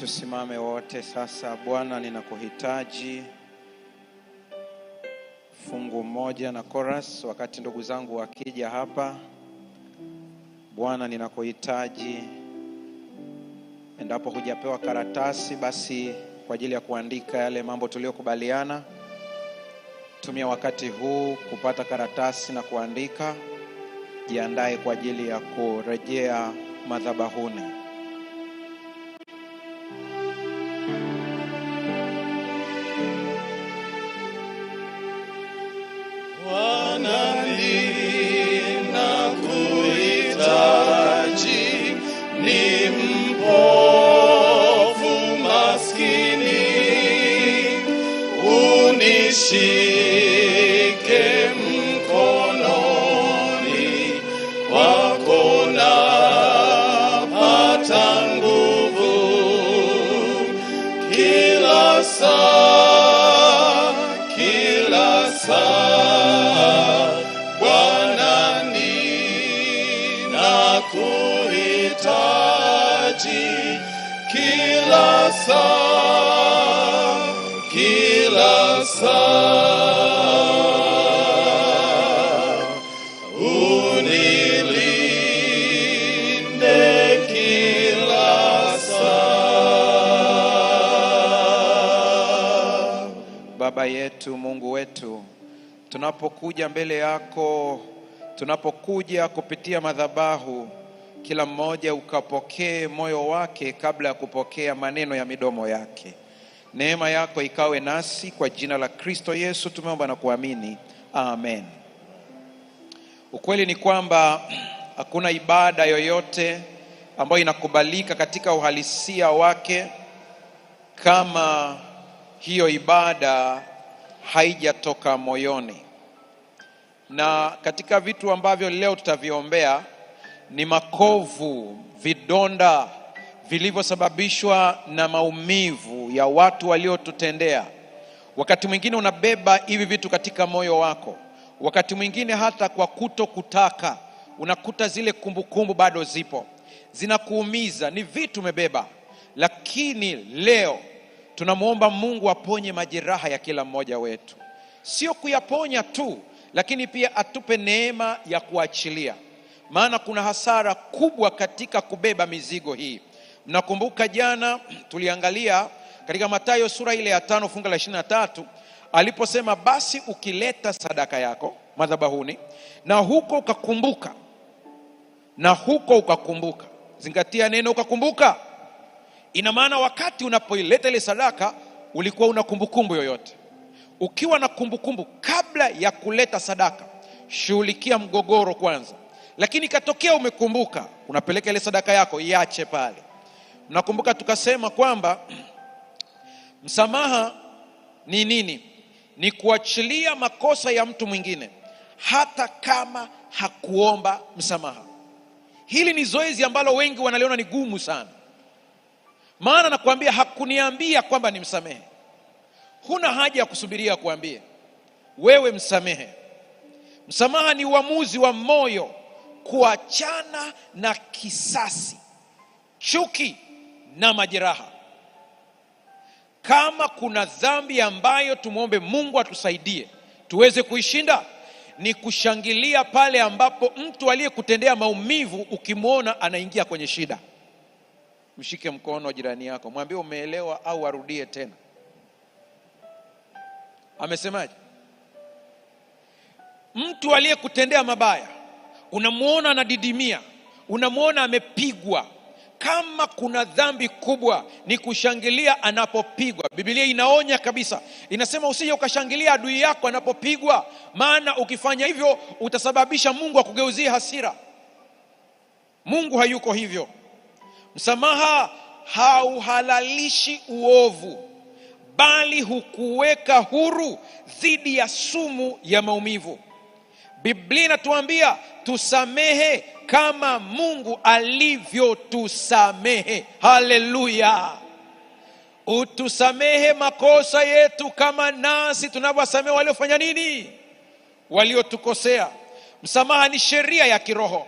Tusimame wote sasa. Bwana, ninakuhitaji. Fungu moja na chorus, wakati ndugu zangu wakija hapa. Bwana, ninakuhitaji. Endapo hujapewa karatasi, basi kwa ajili ya kuandika yale mambo tuliyokubaliana, tumia wakati huu kupata karatasi na kuandika. Jiandae kwa ajili ya kurejea madhabahuni. Baba yetu, Mungu wetu, tunapokuja mbele yako, tunapokuja kupitia madhabahu, kila mmoja ukapokee moyo wake kabla ya kupokea maneno ya midomo yake. Neema yako ikawe nasi kwa jina la Kristo Yesu tumeomba na kuamini, amen. Ukweli ni kwamba hakuna ibada yoyote ambayo inakubalika katika uhalisia wake kama hiyo ibada haijatoka moyoni. Na katika vitu ambavyo leo tutaviombea ni makovu, vidonda vilivyosababishwa na maumivu ya watu waliotutendea. Wakati mwingine unabeba hivi vitu katika moyo wako, wakati mwingine hata kwa kuto kutaka unakuta zile kumbukumbu kumbu bado zipo zinakuumiza, ni vitu umebeba, lakini leo tunamwomba Mungu aponye majeraha ya kila mmoja wetu, sio kuyaponya tu, lakini pia atupe neema ya kuachilia, maana kuna hasara kubwa katika kubeba mizigo hii. Mnakumbuka jana tuliangalia katika matayo sura ile ya tano funga la ishirini na tatu aliposema, basi ukileta sadaka yako madhabahuni na huko ukakumbuka, na huko ukakumbuka, zingatia neno ukakumbuka Ina maana wakati unapoileta ile sadaka ulikuwa una kumbukumbu yoyote. Ukiwa na kumbukumbu kumbu, kabla ya kuleta sadaka shughulikia mgogoro kwanza, lakini katokea umekumbuka, unapeleka ile sadaka yako, iache pale. nakumbuka tukasema kwamba msamaha ni nini? Ni kuachilia makosa ya mtu mwingine hata kama hakuomba msamaha. Hili ni zoezi ambalo wengi wanaliona ni gumu sana maana nakwambia hakuniambia kwamba nimsamehe. Huna haja ya kusubiria kuambie, wewe msamehe. Msamaha ni uamuzi wa moyo kuachana na kisasi, chuki na majeraha. Kama kuna dhambi ambayo tumwombe Mungu atusaidie tuweze kuishinda ni kushangilia pale ambapo mtu aliyekutendea maumivu ukimwona anaingia kwenye shida mshike mkono jirani yako, mwambie umeelewa au arudie tena. Amesemaje? Mtu aliyekutendea mabaya unamwona anadidimia, unamwona amepigwa. Kama kuna dhambi kubwa ni kushangilia anapopigwa. Biblia inaonya kabisa, inasema usije ukashangilia adui yako anapopigwa, maana ukifanya hivyo utasababisha Mungu akugeuzie hasira. Mungu hayuko hivyo. Msamaha hauhalalishi uovu, bali hukuweka huru dhidi ya sumu ya maumivu. Biblia inatuambia tusamehe kama Mungu alivyotusamehe. Haleluya! utusamehe makosa yetu kama nasi tunavyosamehe waliofanya nini, waliotukosea. Msamaha ni sheria ya kiroho.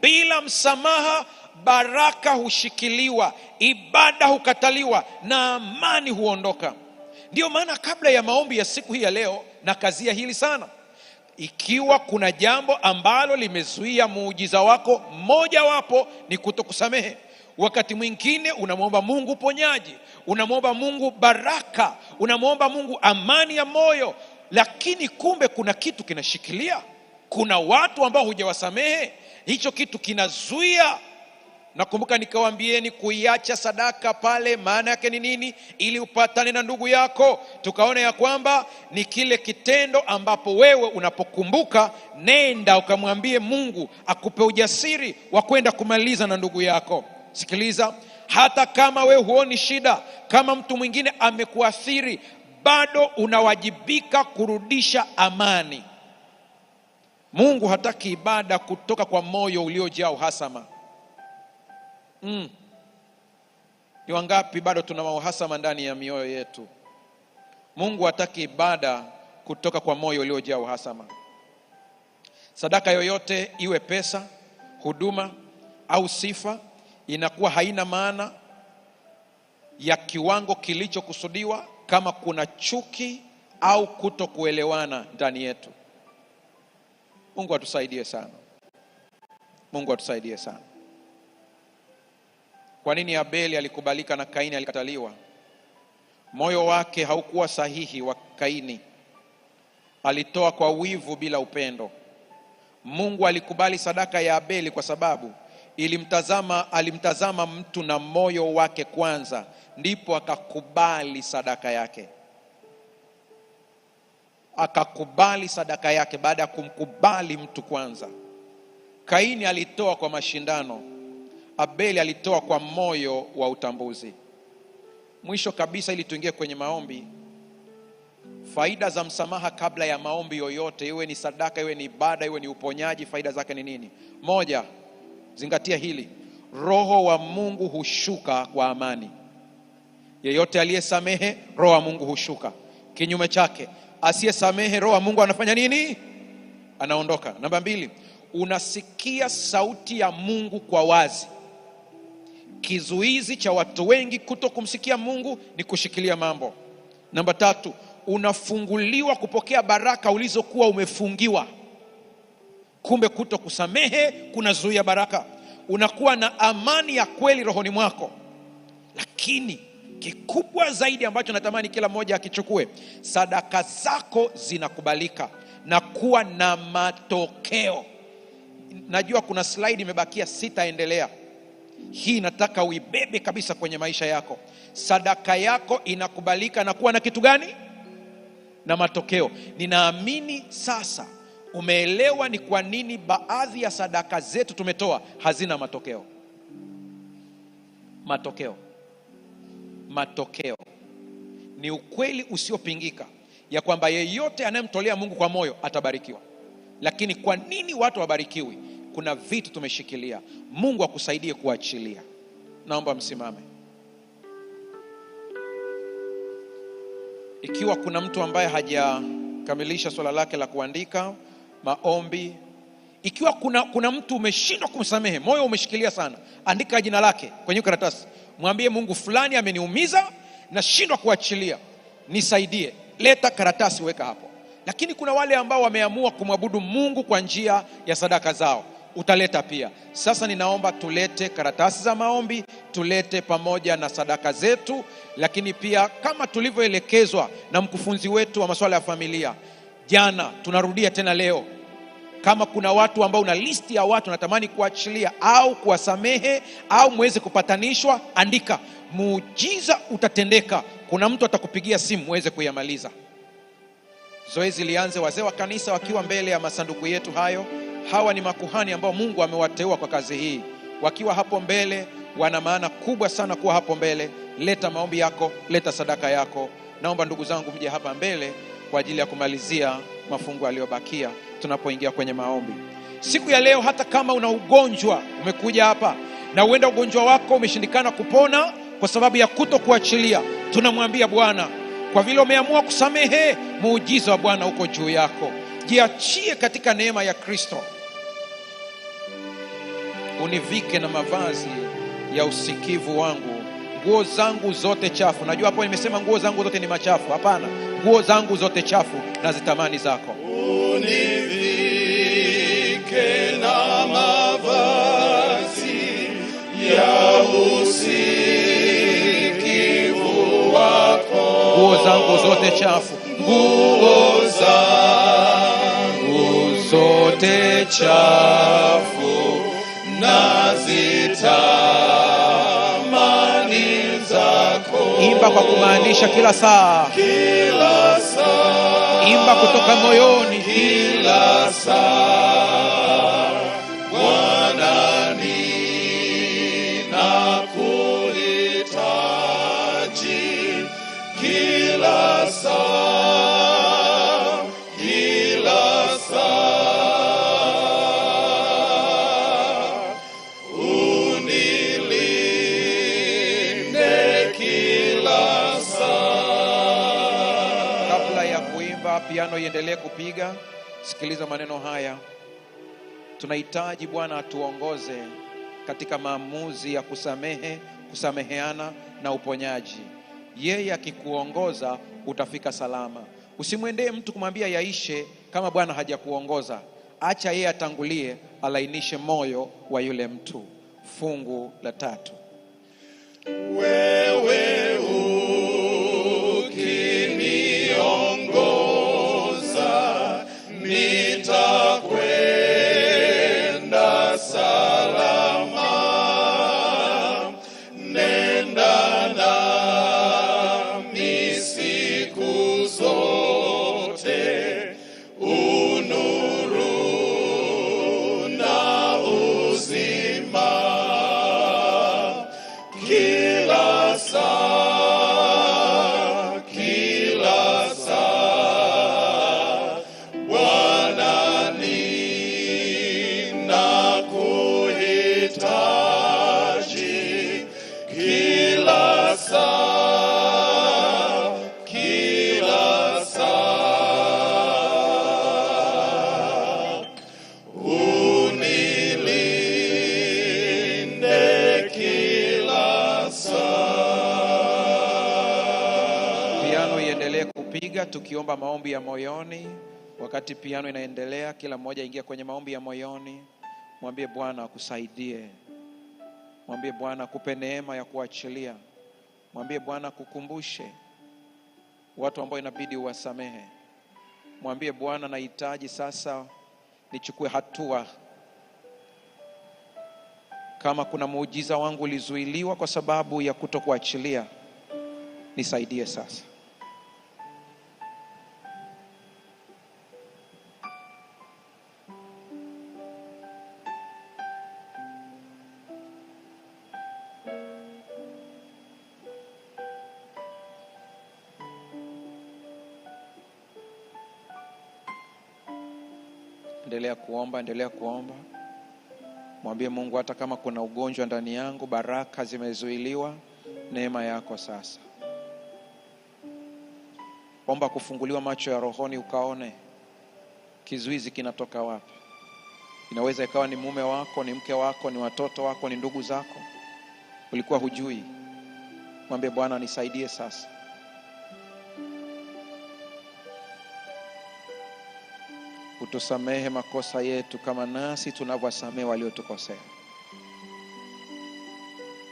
Bila msamaha baraka hushikiliwa, ibada hukataliwa na amani huondoka. Ndiyo maana kabla ya maombi ya siku hii ya leo, na kazia hili sana, ikiwa kuna jambo ambalo limezuia muujiza wako, mojawapo ni kutokusamehe. Wakati mwingine unamwomba Mungu ponyaji unamwomba Mungu baraka, unamwomba Mungu amani ya moyo, lakini kumbe kuna kitu kinashikilia. Kuna watu ambao hujawasamehe, hicho kitu kinazuia Nakumbuka nikawaambieni kuiacha sadaka pale maana yake ni nini, ili upatane na ndugu yako. Tukaona ya kwamba ni kile kitendo ambapo wewe unapokumbuka, nenda ukamwambie Mungu akupe ujasiri wa kwenda kumaliza na ndugu yako. Sikiliza, hata kama wewe huoni shida, kama mtu mwingine amekuathiri, bado unawajibika kurudisha amani. Mungu hataki ibada kutoka kwa moyo uliojaa uhasama mm. Ni wangapi bado tuna mauhasama ndani ya mioyo yetu? Mungu hataki ibada kutoka kwa moyo uliojaa uhasama. Sadaka yoyote iwe pesa, huduma au sifa, inakuwa haina maana ya kiwango kilichokusudiwa kama kuna chuki au kutokuelewana ndani yetu. Mungu atusaidie sana. Mungu atusaidie sana. Kwa nini Abeli alikubalika na Kaini alikataliwa? Moyo wake haukuwa sahihi wa Kaini, alitoa kwa wivu bila upendo. Mungu alikubali sadaka ya Abeli kwa sababu ilimtazama, alimtazama mtu na moyo wake kwanza, ndipo akakubali sadaka yake akakubali sadaka yake baada ya kumkubali mtu kwanza. Kaini alitoa kwa mashindano Abeli alitoa kwa moyo wa utambuzi. Mwisho kabisa, ili tuingie kwenye maombi, faida za msamaha kabla ya maombi yoyote, iwe ni sadaka, iwe ni ibada, iwe ni uponyaji, faida zake ni nini? Moja, zingatia hili, roho wa Mungu hushuka kwa amani. Yeyote aliyesamehe, roho wa Mungu hushuka. Kinyume chake, asiyesamehe, roho wa Mungu anafanya nini? Anaondoka. Namba mbili, unasikia sauti ya Mungu kwa wazi. Kizuizi cha watu wengi kuto kumsikia Mungu ni kushikilia mambo. Namba tatu, unafunguliwa kupokea baraka ulizokuwa umefungiwa. Kumbe kuto kusamehe kunazuia baraka. Unakuwa na amani ya kweli rohoni mwako, lakini kikubwa zaidi ambacho natamani kila mmoja akichukue, sadaka zako zinakubalika na kuwa na matokeo. Najua kuna slaidi imebakia, sitaendelea. Hii nataka uibebe kabisa kwenye maisha yako. Sadaka yako inakubalika na kuwa na kitu gani? Na matokeo. Ninaamini sasa umeelewa ni kwa nini baadhi ya sadaka zetu tumetoa hazina matokeo. Matokeo, matokeo ni ukweli usiopingika ya kwamba yeyote anayemtolea Mungu kwa moyo atabarikiwa. Lakini kwa nini watu wabarikiwi? kuna vitu tumeshikilia. Mungu akusaidie kuachilia. Naomba msimame. Ikiwa kuna mtu ambaye hajakamilisha swala lake la kuandika maombi, ikiwa kuna, kuna mtu umeshindwa kumsamehe, moyo umeshikilia sana, andika jina lake kwenye karatasi, mwambie Mungu, fulani ameniumiza, nashindwa kuachilia, nisaidie. Leta karatasi, weka hapo. Lakini kuna wale ambao wameamua kumwabudu Mungu kwa njia ya sadaka zao utaleta pia. Sasa ninaomba tulete karatasi za maombi, tulete pamoja na sadaka zetu, lakini pia kama tulivyoelekezwa na mkufunzi wetu wa masuala ya familia jana, tunarudia tena leo. Kama kuna watu ambao una listi ya watu natamani kuachilia au kuwasamehe au mweze kupatanishwa, andika. Muujiza utatendeka. Kuna mtu atakupigia simu muweze kuyamaliza. Zoezi lianze, wazee wa kanisa wakiwa mbele ya masanduku yetu hayo. Hawa ni makuhani ambao Mungu amewateua kwa kazi hii. Wakiwa hapo mbele, wana maana kubwa sana kuwa hapo mbele. Leta maombi yako, leta sadaka yako. Naomba ndugu zangu, mje hapa mbele kwa ajili ya kumalizia mafungu aliyobakia, tunapoingia kwenye maombi siku ya leo. Hata kama una ugonjwa umekuja hapa na huenda ugonjwa wako umeshindikana kupona kwa sababu ya kuto kuachilia, tunamwambia Bwana, kwa vile umeamua kusamehe, muujiza wa Bwana uko juu yako. Jiachie katika neema ya Kristo univike na mavazi ya usikivu wangu, nguo zangu zote chafu. Najua hapo nimesema nguo zangu zote ni machafu. Hapana, nguo zangu zote chafu na zitamani zako univike na mavazi ya usikivu wako, nguo zangu zote chafu, nguo zangu zote chafu nazitamani zako. Imba kwa kumaanisha kila saa, kila saa. Imba kutoka moyoni kila saa piano iendelee kupiga. Sikiliza maneno haya, tunahitaji Bwana atuongoze katika maamuzi ya kusamehe, kusameheana na uponyaji. Yeye akikuongoza utafika salama. Usimwendee mtu kumwambia yaishe kama Bwana hajakuongoza. Acha yeye atangulie, alainishe moyo wa yule mtu. Fungu la tatu wewe tunapiga tukiomba maombi ya moyoni. Wakati piano inaendelea, kila mmoja ingia kwenye maombi ya moyoni, mwambie Bwana akusaidie, mwambie Bwana akupe neema ya kuachilia, mwambie Bwana kukumbushe watu ambao inabidi uwasamehe, mwambie Bwana nahitaji sasa nichukue hatua kama kuna muujiza wangu ulizuiliwa kwa sababu ya kutokuachilia, nisaidie sasa. endelea kuomba, endelea kuomba. Mwambie Mungu, hata kama kuna ugonjwa ndani yangu, baraka zimezuiliwa, neema yako sasa. Omba kufunguliwa macho ya rohoni, ukaone kizuizi kinatoka wapi. Inaweza ikawa ni mume wako, ni mke wako, ni watoto wako, ni ndugu zako, ulikuwa hujui. Mwambie Bwana, nisaidie sasa utusamehe makosa yetu kama nasi tunavyosamehe waliotukosea.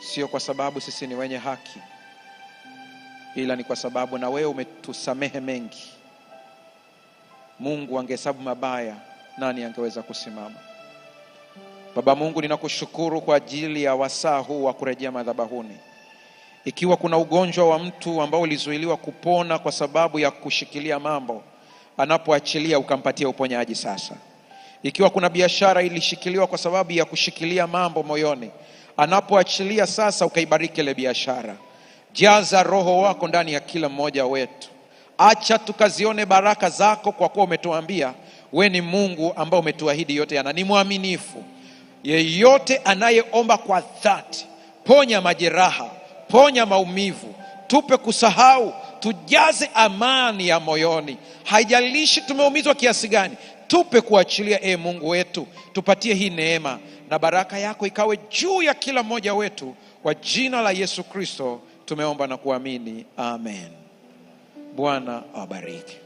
Sio kwa sababu sisi ni wenye haki, ila ni kwa sababu na wewe umetusamehe mengi. Mungu angehesabu mabaya, nani angeweza kusimama? Baba Mungu, ninakushukuru kwa ajili ya wasaa huu wa kurejea madhabahuni. Ikiwa kuna ugonjwa wa mtu ambao ulizuiliwa kupona kwa sababu ya kushikilia mambo anapoachilia ukampatia uponyaji. Sasa ikiwa kuna biashara ilishikiliwa kwa sababu ya kushikilia mambo moyoni, anapoachilia sasa ukaibariki ile biashara. Jaza Roho wako ndani ya kila mmoja wetu. Acha tukazione baraka zako, kwa kuwa umetuambia we ni Mungu ambao umetuahidi yote yana, ni mwaminifu. Yeyote anayeomba kwa dhati, ponya majeraha, ponya maumivu, tupe kusahau tujaze amani ya moyoni. Haijalishi tumeumizwa kiasi gani, tupe kuachilia. E Mungu wetu, tupatie hii neema na baraka yako ikawe juu ya kila mmoja wetu. Kwa jina la Yesu Kristo tumeomba na kuamini, amen. Bwana awabariki.